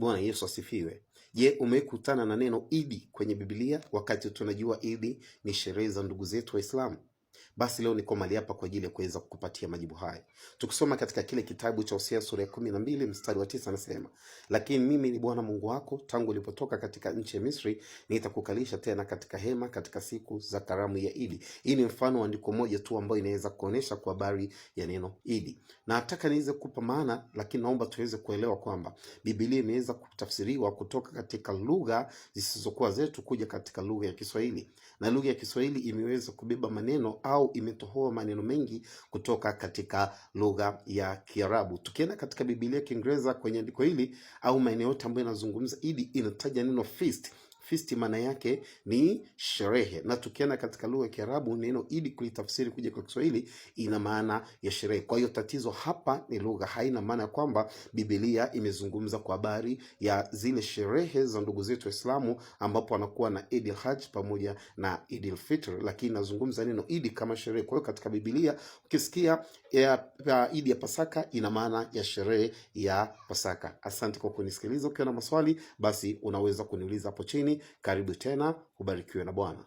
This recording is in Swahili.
Bwana Yesu asifiwe. Je, umekutana na neno Idi kwenye Biblia wakati tunajua Idi ni sherehe za ndugu zetu Waislamu? Basi leo niko mahali hapa kwa ajili ya kuweza kukupatia majibu haya. Tukisoma katika kile kitabu cha Hosea sura ya kumi na mbili mstari wa tisa anasema, lakini mimi ni Bwana Mungu wako, tangu ulipotoka katika nchi ya Misri nitakukalisha tena katika hema katika siku za karamu ya Idi. Hii ni mfano wa andiko moja tu ambayo inaweza kuonesha kwa habari ya neno Idi, na nataka niweze kupa maana, lakini naomba tuweze kuelewa kwamba Biblia imeweza kutafsiriwa kutoka katika lugha zisizokuwa zetu kuja katika lugha ya Kiswahili, na lugha ya Kiswahili imeweza kubeba maneno au au imetohoa maneno mengi kutoka katika lugha ya Kiarabu. Tukienda katika Biblia ya Kiingereza kwenye andiko hili au maeneo yote ambayo inazungumza Idi, inataja neno feast Fisti maana yake ni sherehe, na tukienda katika lugha ya Kiarabu neno Idi kulitafsiri kuja kwa Kiswahili ina maana ya sherehe. Kwa hiyo tatizo hapa ni lugha, haina maana ya kwamba Biblia imezungumza kwa habari ya zile sherehe za ndugu zetu Waislamu ambapo wanakuwa na Idil Haj pamoja na Idil Fitr, lakini nazungumza neno Idi kama sherehe. Kwa hiyo katika Biblia ukisikia Idi ya Pasaka ina maana ya sherehe ya Pasaka. Asante kwa kunisikiliza. Ukiwa na maswali, basi unaweza kuniuliza hapo chini karibu tena, ubarikiwe na Bwana.